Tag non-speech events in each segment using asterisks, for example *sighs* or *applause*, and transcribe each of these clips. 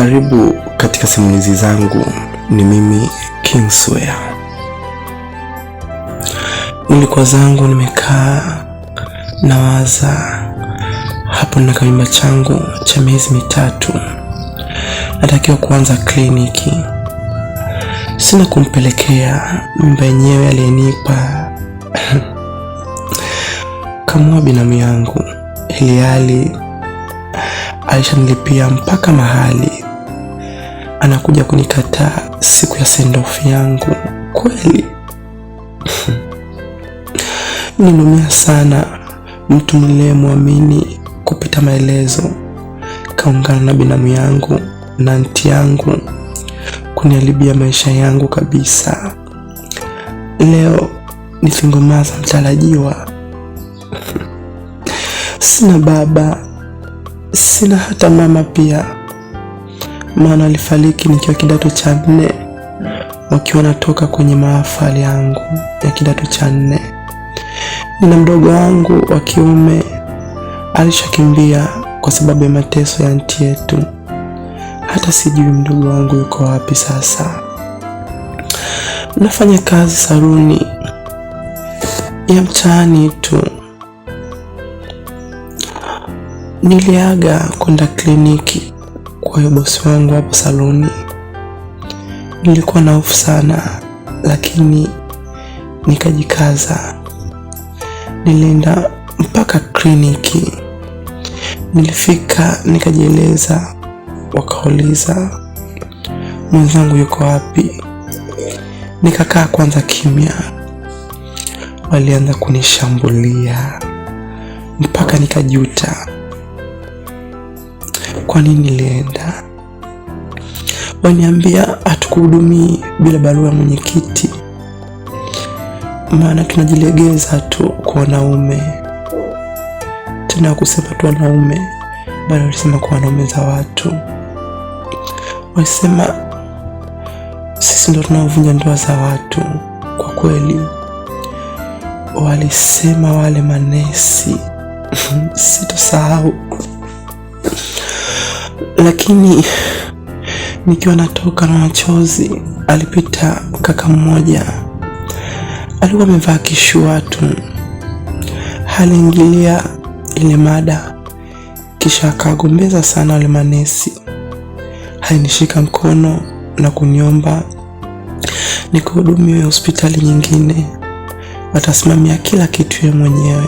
Karibu katika simulizi zangu, ni mimi Kingswear. Nilikuwa zangu nimekaa nawaza hapo na kamimba changu cha miezi mitatu, natakiwa kuanza kliniki. Sina kumpelekea mimba yenyewe aliyenipa *clears throat* kamua binamu yangu, hili hali alishanilipia mpaka mahali anakuja kunikataa siku ya sendofu yangu kweli. *laughs* Niliumia sana, mtu niliyemwamini kupita maelezo kaungana na binamu yangu na nti yangu kuniharibia maisha yangu kabisa. Leo ni singomaa za mtarajiwa. *laughs* Sina baba, sina hata mama pia maana alifariki nikiwa kidato cha nne, wakiwa natoka kwenye mahafali yangu ya kidato cha nne. Nina mdogo wangu wa kiume alishakimbia kwa sababu ya mateso ya nti yetu. Hata sijui mdogo wangu yuko wapi sasa. Nafanya kazi saluni ya mtaani tu. Niliaga kwenda kliniki kwa hiyo bosi wangu hapo saloni, nilikuwa na hofu sana, lakini nikajikaza. Nilienda mpaka kliniki, nilifika nikajieleza, wakauliza mwenzangu yuko wapi? Nikakaa kwanza kimya, walianza kunishambulia mpaka nikajuta kwa nini nilienda? Waniambia hatukuhudumii bila barua ya mwenyekiti, maana tunajilegeza tu kwa wanaume, tena kusema tu wanaume, bali walisema kwa wanaume za watu, walisema sisi ndo tunaovunja ndoa za watu. Kwa kweli walisema wale manesi *laughs* sitosahau. Lakini nikiwa natoka na machozi, alipita kaka mmoja, alikuwa amevaa kishua tu, aliingilia ile mada, kisha akagombeza sana wale manesi. Alinishika mkono na kuniomba nikuhudumiwe hospitali nyingine, watasimamia kila kitu yeye mwenyewe.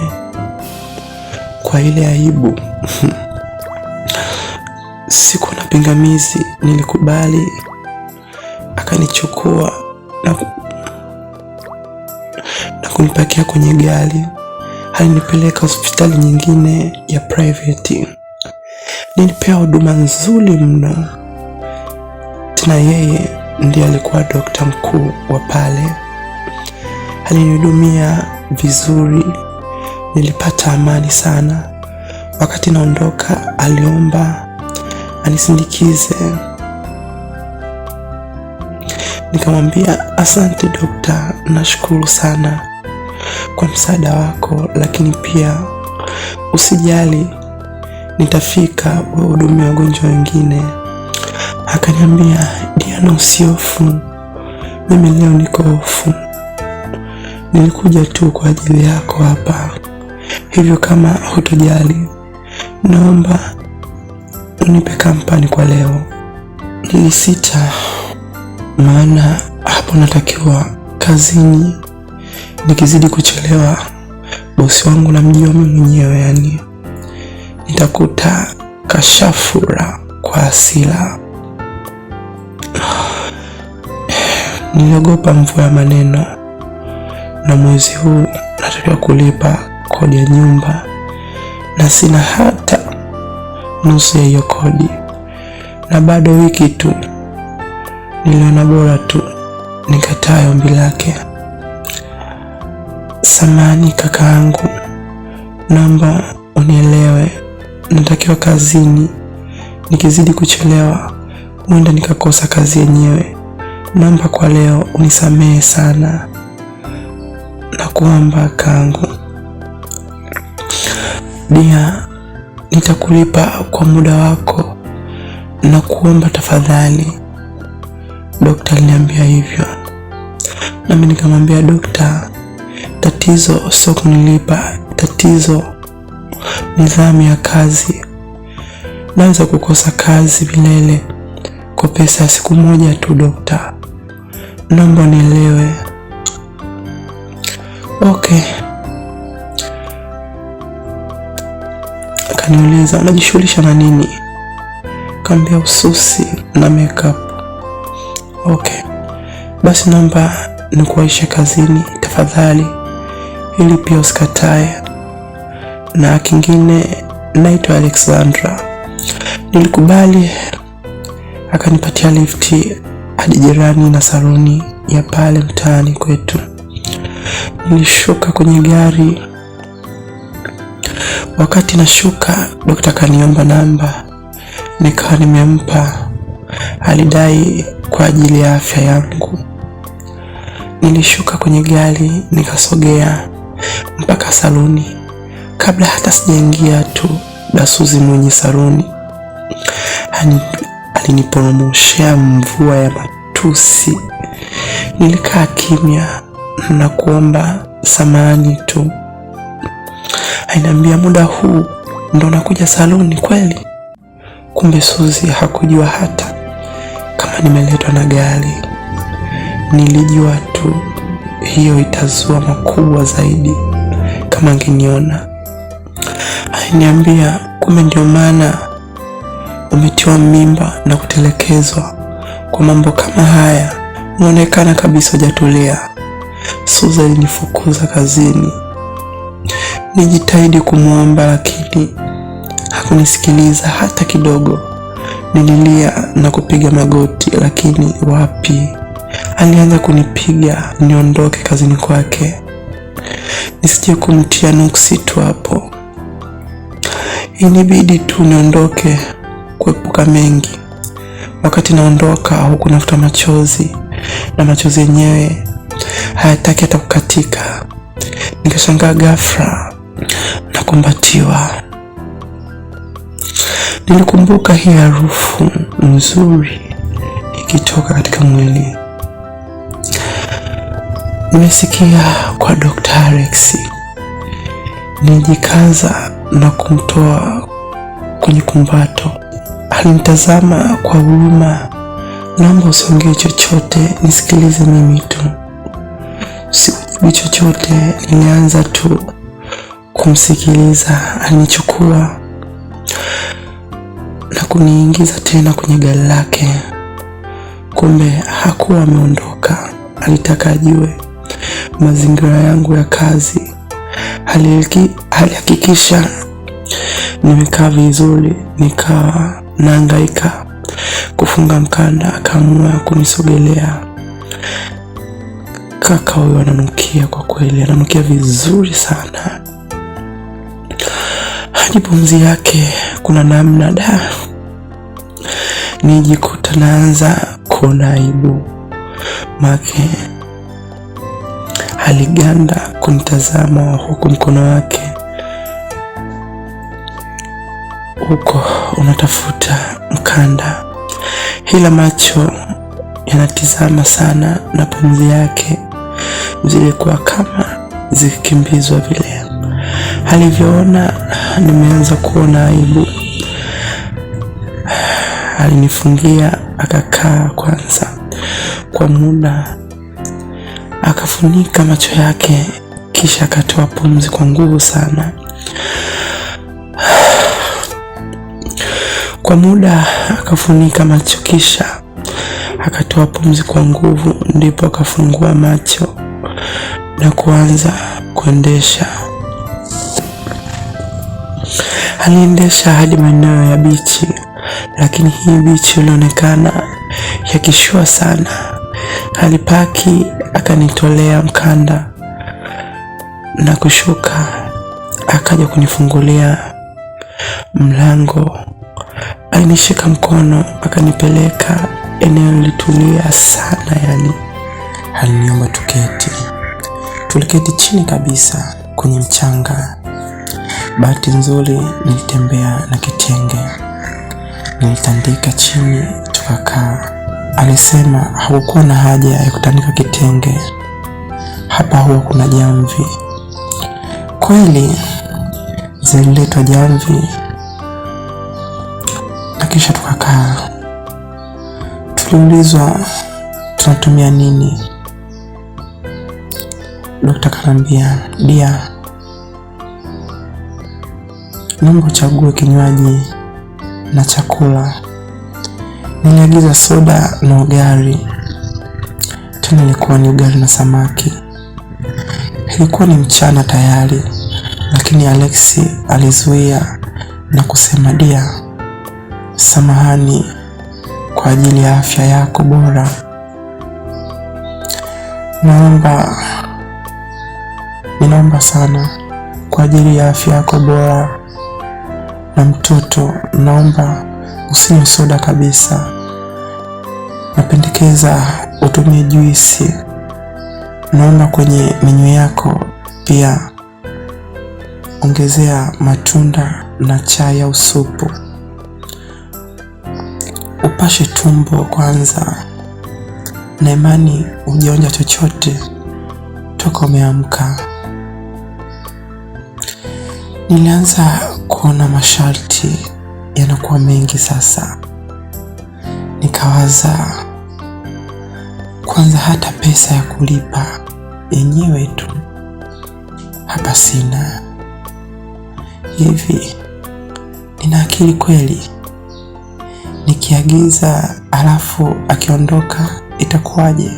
Kwa ile aibu *laughs* pingamizi, nilikubali. Akanichukua na, na kunipakia kwenye gari. Alinipeleka hospitali nyingine ya private. Nilipewa huduma nzuri mno, tena yeye ndiye alikuwa dokta mkuu wa pale. Alinihudumia vizuri, nilipata amani sana. Wakati naondoka, aliomba anisindikize. Nikamwambia asante dokta, nashukuru sana kwa msaada wako, lakini pia usijali, nitafika wahudumia wagonjwa wengine. Akaniambia Diana, usiofu, mimi leo niko hofu, nilikuja tu kwa ajili yako hapa, hivyo kama hutojali naomba unipe kampani kwa leo. Nilisita maana hapo natakiwa kazini, nikizidi kuchelewa bosi wangu na namjua mimi mwenyewe, yani nitakuta kashafura kwa asila *sighs* Niliogopa mvua ya maneno, na mwezi huu natakiwa kulipa kodi ya nyumba na sina hata nusu ya hiyo kodi, na bado wiki tu. Niliona bora tu nikatae ombi lake. Samani kakaangu, naomba unielewe, natakiwa kazini. Nikizidi kuchelewa huenda nikakosa kazi yenyewe. Naomba kwa leo unisamehe sana, nakuomba kangu dia nitakulipa kwa muda wako na kuomba tafadhali. Dokta aliniambia hivyo, nami nikamwambia dokta, tatizo sio kunilipa, tatizo nidhamu ya kazi. Naweza kukosa kazi milele kwa pesa ya siku moja tu. Dokta, naomba nielewe. Okay. Akaniuliza, unajishughulisha na nini? Kaambia ususi na makeup. Okay, basi naomba nikuwaishe kazini tafadhali, ili pia usikatae. Na kingine, naitwa Alexandra. Nilikubali, akanipatia lifti hadi jirani na saluni ya pale mtaani kwetu. Nilishuka kwenye gari Wakati nashuka, dokta kaniomba namba, nikawa nimempa. Alidai kwa ajili ya afya yangu. Nilishuka kwenye gari, nikasogea mpaka saluni. Kabla hata sijaingia tu, Dasuzi mwenye saluni aliniporomoshea mvua ya matusi. Nilikaa kimya na kuomba samahani tu. Aliniambia muda huu ndo nakuja saluni kweli? Kumbe Suzi hakujua hata kama nimeletwa na gari. Nilijua tu hiyo itazua makubwa zaidi kama angeniona. Aliniambia kumbe ndio maana umetiwa mimba na kutelekezwa kwa mambo kama haya, unaonekana kabisa hujatulia. Suzi alinifukuza kazini nijitahidi kumwomba lakini hakunisikiliza hata kidogo. Nililia na kupiga magoti, lakini wapi. Alianza kunipiga niondoke kazini kwake, nisije kumtia nuksi tu. Hapo inibidi tu niondoke kuepuka mengi. Wakati naondoka, huku nafuta machozi na machozi yenyewe hayataki hata kukatika. Nikashangaa ghafla na kumbatiwa. Nilikumbuka hii harufu nzuri ikitoka katika mwili. Nimesikia kwa Dr. Alex. nijikaza na kumtoa kwenye kumbato. Alinitazama kwa huruma. Naomba usiongee chochote, nisikilize mimi tu. Sikujibu chochote, nilianza tu kumsikiliza. Alinichukua na kuniingiza tena kwenye gari lake. Kumbe hakuwa ameondoka, alitaka ajue mazingira yangu ya kazi. Alihakikisha nimekaa vizuri, nikawa naangaika kufunga mkanda, akaamua kunisogelea. Kaka huyo ananukia kwa kweli, ananukia vizuri sana. Lakini pumzi yake kuna namna da, nijikuta naanza kuona aibu make aliganda kunitazama huku mkono wake huko unatafuta mkanda, hila macho yanatizama sana na pumzi yake zilikuwa kama zikikimbizwa vile. Alivyoona nimeanza kuona aibu, alinifungia akakaa kwanza kwa muda, akafunika macho yake, kisha akatoa pumzi kwa nguvu sana. Kwa muda akafunika macho, kisha akatoa pumzi kwa nguvu, ndipo akafungua macho na kuanza kuendesha Aliendesha hadi maeneo ya bichi, lakini hii bichi ilionekana ya kishua sana. Alipaki, akanitolea mkanda na kushuka, akaja kunifungulia mlango. Alinishika mkono, akanipeleka eneo lilitulia sana, yani aliniomba tuketi. Tuliketi chini kabisa kwenye mchanga Bahati nzuri nilitembea na kitenge, nilitandika chini tukakaa. Alisema hakukuwa na haja ya kutandika kitenge, hapa huwa kuna jamvi. Kweli zililetwa jamvi na kisha tukakaa. Tuliulizwa tunatumia nini, Dokta kanambia dia Mungu chagua kinywaji na chakula. Niliagiza soda na ugali, tena ilikuwa ni ugali na samaki. Ilikuwa ni mchana tayari, lakini Alexi alizuia na kusema, dia, samahani kwa ajili ya afya yako bora, naomba ninaomba sana kwa ajili ya afya yako bora na mtoto, naomba usinywe soda kabisa. Napendekeza utumie juisi. Naomba kwenye menyu yako pia ongezea matunda na chai au supu. Upashe tumbo kwanza, na imani hujaonja chochote toka umeamka. Nilianza kuona masharti yanakuwa mengi sasa, nikawaza kwanza, hata pesa ya kulipa yenyewe tu hapa sina. Hivi nina akili kweli? Nikiagiza alafu akiondoka itakuwaje?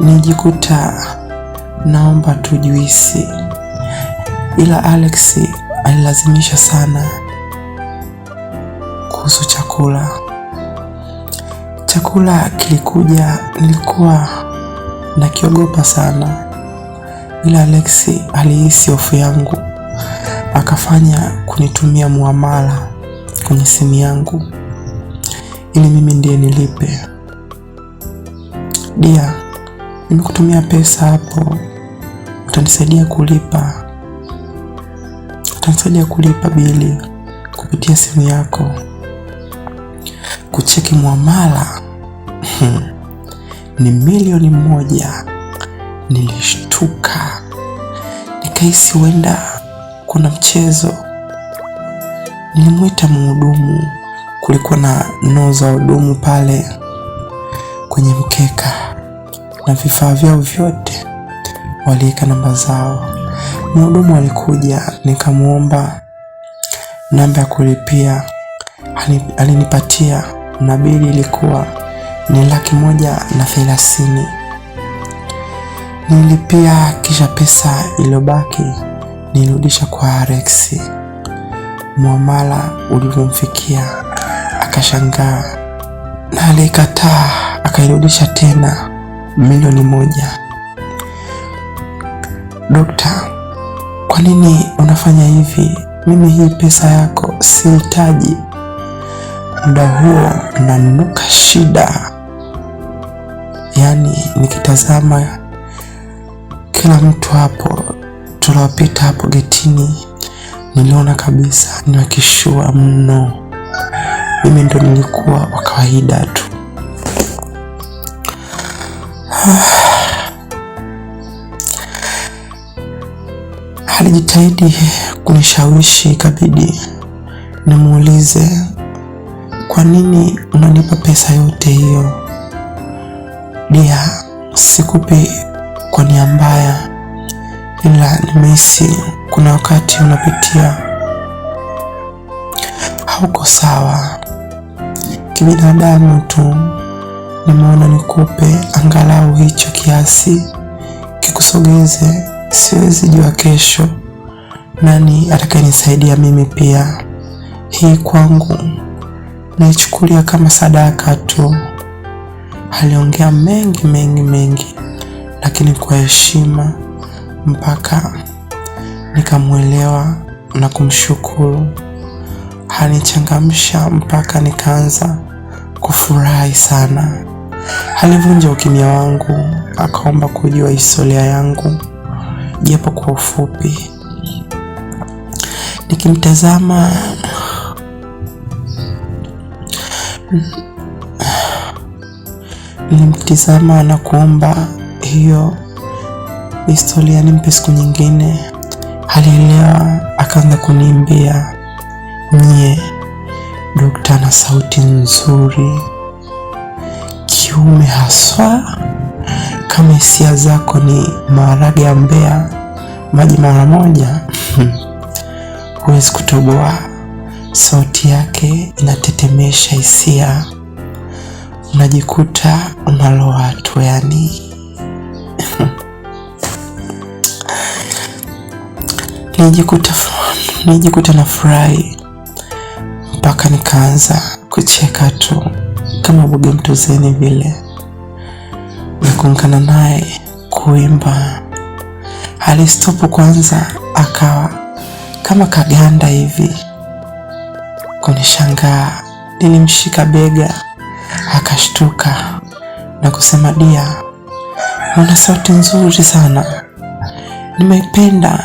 Nijikuta naomba tu juisi ila Alex alilazimisha sana kuhusu chakula. Chakula kilikuja, nilikuwa nakiogopa sana, ila Alex alihisi hofu yangu, akafanya kunitumia muamala kwenye simu yangu ili mimi ndiye nilipe. Dia, nimekutumia pesa hapo, utanisaidia kulipa ya kulipa bili kupitia simu yako, kucheki muamala hmm, ni milioni moja. Nilishtuka nikahisi huenda kuna mchezo. Nilimwita mhudumu, kulikuwa na noo za hudumu pale kwenye mkeka na vifaa vyao vyote, waliweka namba zao. Mhudumu alikuja, nikamwomba namba ya kulipia, alinipatia na bili ilikuwa ni laki moja na thelathini. Nilipia, kisha pesa iliyobaki nilirudisha kwa Rex. Muamala ulivyomfikia akashangaa na alikataa, akairudisha tena milioni moja. Dokta kwa nini unafanya hivi? Mimi hii pesa yako sihitaji. Muda huo nanuka shida, yaani nikitazama kila mtu hapo tuliopita hapo getini, niliona kabisa ni wakishua mno. Mimi ndo nilikuwa wa kawaida tu. *sighs* Ah. alijitahidi kunishawishi ikabidi nimuulize, kwa nini unanipa pesa yote hiyo? Dia, sikupi kwa nia mbaya, ila nimehisi kuna wakati unapitia hauko sawa kibinadamu tu. Nimeona nikupe angalau hicho kiasi kikusogeze Siwezi jua kesho nani atakayenisaidia mimi pia. Hii kwangu naichukulia kama sadaka tu. Aliongea mengi mengi mengi, lakini kwa heshima mpaka nikamwelewa na kumshukuru. Hanichangamsha mpaka nikaanza kufurahi sana. Alivunja ukimya wangu, akaomba kujua historia yangu japo kwa ufupi. Nikimtazama nimtizama na kuomba hiyo historia nimpe siku nyingine. Alielewa, akaanza kuniimbia nie dokta, na sauti nzuri kiume haswa kama hisia zako ni maharage ya mbea maji mara moja, *laughs* huwezi kutoboa. Sauti yake inatetemesha hisia, unajikuta unaloa tu yani. *laughs* Nijikuta, nijikuta na furahi mpaka nikaanza kucheka tu kama mtu zeni vile kuungana naye kuimba. Alistopu kwanza, akawa kama kaganda hivi. Kunishangaa, nilimshika bega, akashtuka na kusema, Dia, una sauti nzuri sana, nimeipenda.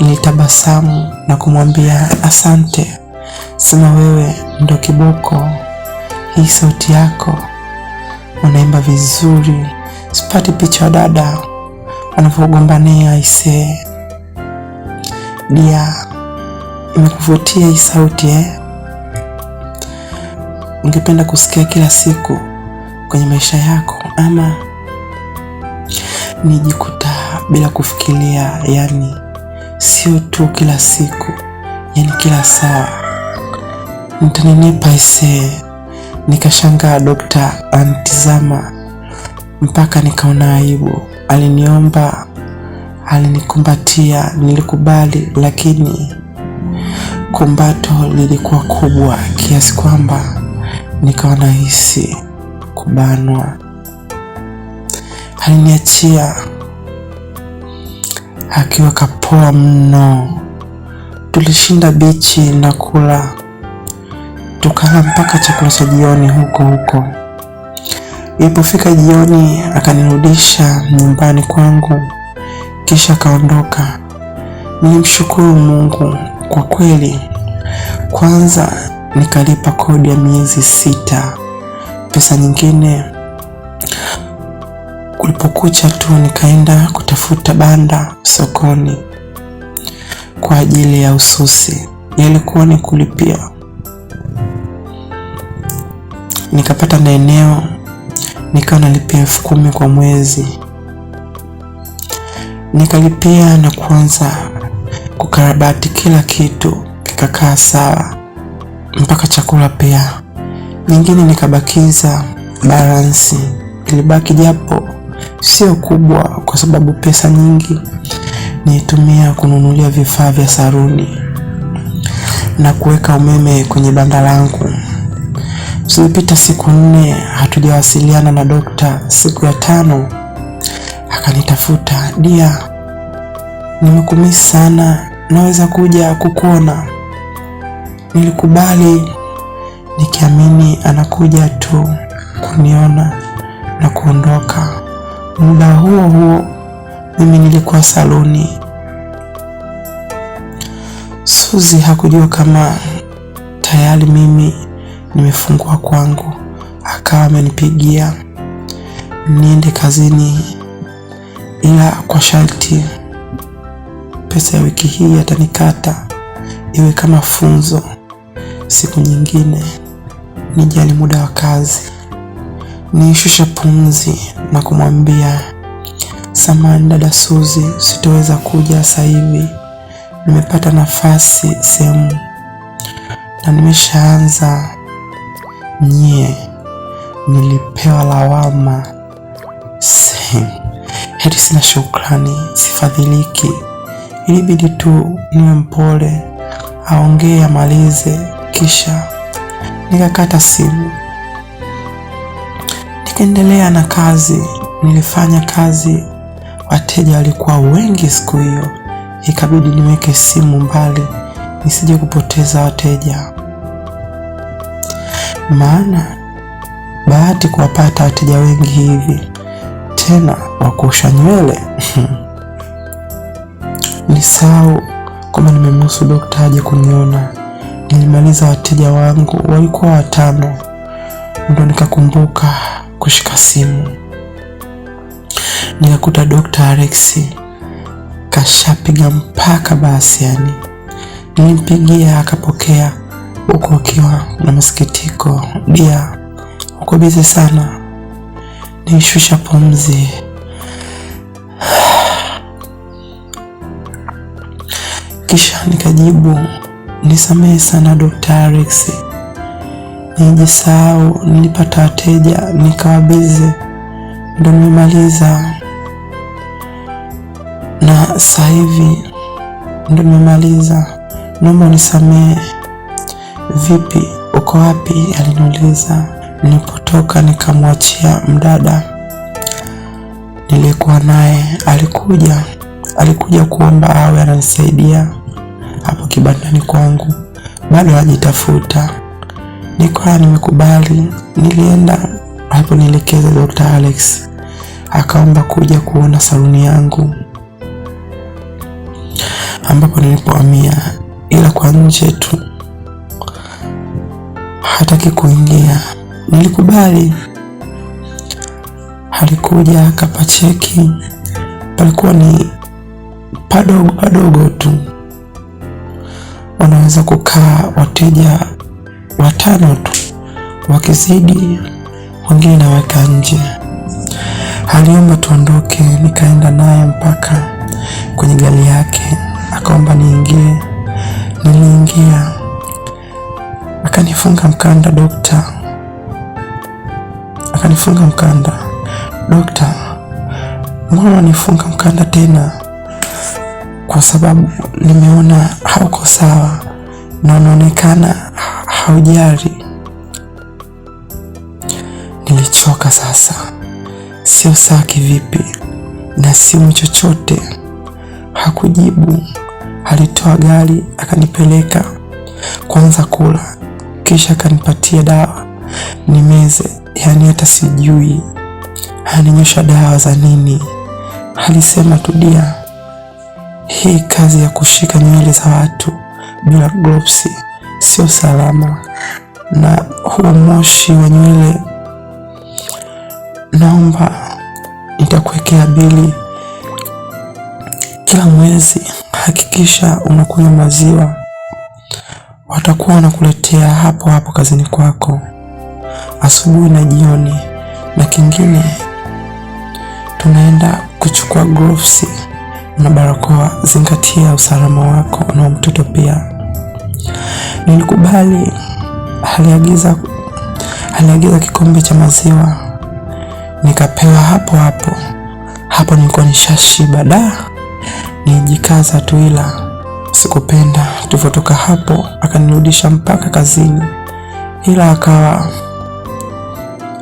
Nilitabasamu na kumwambia asante, sema wewe ndo kiboko, hii sauti yako unaimba vizuri, sipati picha dada wanavyogombania ise Dia, imekuvutia hii sauti eh? Ungependa kusikia kila siku kwenye maisha yako, ama nijikuta bila kufikiria, yani sio tu kila siku, yani kila saa. Mtanenepa isee. Nikashangaa, dokta anitizama mpaka nikaona aibu. Aliniomba, alinikumbatia, nilikubali, lakini kumbato lilikuwa kubwa kiasi kwamba nikawa nahisi kubanwa. Aliniachia akiwa kapoa mno. Tulishinda bichi na kula tukala mpaka chakula cha jioni huko huko. Ilipofika jioni, akanirudisha nyumbani kwangu, kisha akaondoka. Nilimshukuru Mungu kwa kweli. Kwanza nikalipa kodi ya miezi sita, pesa nyingine kulipokucha tu nikaenda kutafuta banda sokoni kwa ajili ya ususi, yalikuwa ni kulipia nikapata na eneo nikawa nalipia elfu kumi kwa mwezi, nikalipia na kuanza kukarabati kila kitu kikakaa sawa, mpaka chakula pia. Nyingine nikabakiza balansi, ilibaki japo sio kubwa, kwa sababu pesa nyingi nilitumia kununulia vifaa vya saruni na kuweka umeme kwenye banda langu. Zilipita siku nne hatujawasiliana na dokta. Siku ya tano akanitafuta, Dia, nimekumisi sana, naweza kuja kukuona. Nilikubali nikiamini anakuja tu kuniona na kuondoka. Muda huo huo mimi nilikuwa saluni. Suzi hakujua kama tayari mimi nimefungua kwangu, akawa amenipigia niende kazini, ila kwa sharti pesa ya wiki hii atanikata iwe kama funzo, siku nyingine nijali muda wa kazi. Niishusha pumzi na kumwambia samani dada Suzi, sitoweza kuja sasa hivi, nimepata nafasi sehemu na nimeshaanza nye, nilipewa lawama heti sina shukrani, sifadhiliki. Ilibidi tu niwe mpole, aongee amalize, kisha nikakata simu, nikaendelea na kazi. Nilifanya kazi, wateja walikuwa wengi siku hiyo, ikabidi niweke simu mbali nisije kupoteza wateja maana bahati kuwapata wateja wengi hivi tena wakuosha nywele *laughs* ni sau kwamba nimemhusu dokta aje kuniona. Nilimaliza wateja wangu walikuwa watano, ndo nikakumbuka kushika simu, nikakuta Dokta Alexi kashapiga mpaka basi, yani nilimpigia akapokea huku ukiwa na masikitiko, Dia uko bize sana. Nishusha pumzi kisha nikajibu, nisamehe sana Dr. Rex, nijisahau, nilipata wateja nikawa ndo nimemaliza na sasa hivi ndo nimemaliza, naomba nisamehe. Vipi, uko wapi? aliniuliza. Nilipotoka nikamwachia mdada nilikuwa naye, alikuja alikuja kuomba awe ananisaidia hapo kibandani kwangu, bado hajitafuta. Nikawa nimekubali, nilienda hapo, nielekeza Dr. Alex akaomba kuja kuona saluni yangu ambapo nilipohamia, ila kwa nje tu hataki kuingia. Nilikubali. Alikuja akapacheki, palikuwa ni padogo padogo tu, wanaweza kukaa wateja watano tu, wakizidi wengine naweka nje. Aliomba tuondoke, nikaenda naye mpaka kwenye gari yake, akaomba niingie, niliingia akanifunga mkanda dokta, akanifunga mkanda dokta. Mbona nifunga mkanda tena? Kwa sababu nimeona hauko sawa na unaonekana haujali. Nilichoka sasa, sio sawa kivipi na simu chochote. Hakujibu, alitoa gari akanipeleka kwanza kula kisha akanipatia dawa ni meze Yani hata sijui haninyosha dawa za nini, alisema tu dia, hii kazi ya kushika nywele za watu bila gloves sio salama, na huo moshi wa nywele, naomba nitakuwekea bili kila mwezi, hakikisha unakunywa maziwa watakuwa wanakuletea hapo hapo kazini kwako asubuhi na jioni, na kingine tunaenda kuchukua gloves na barakoa. Zingatia usalama wako na mtoto pia. Nilikubali, aliagiza aliagiza kikombe cha maziwa nikapewa hapo hapo. Hapo nilikuwa nishashiba da, nijikaza tu ila Sikupenda. Tulivyotoka hapo akanirudisha mpaka kazini, ila akawa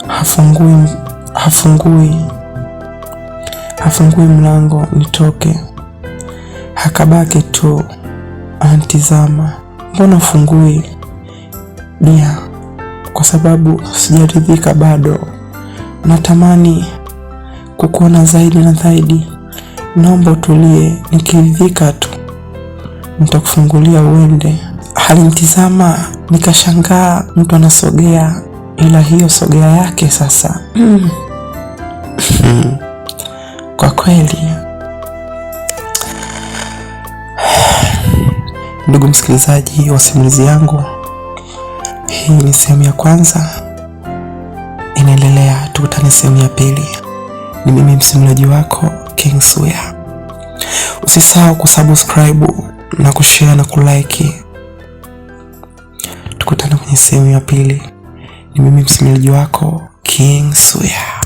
hafungui, hafungui, hafungui mlango nitoke. Hakabaki tu anatizama, mbona fungui bia? Kwa sababu sijaridhika bado, natamani kukuona zaidi na zaidi. Naomba utulie, nikiridhika tu nitakufungulia uende. Alinitizama nikashangaa, mtu anasogea, ila hiyo sogea yake sasa mm. hmm. kwa kweli ndugu msikilizaji wa simulizi yangu, hii ni sehemu ya kwanza inaendelea. Tukutane sehemu ya pili. Ni mimi msimulaji wako King Suya. Usisahau kusubscribe na kushare na kulike. Tukutane kwenye sehemu ya pili. Ni mimi msimulizi wako King Suya.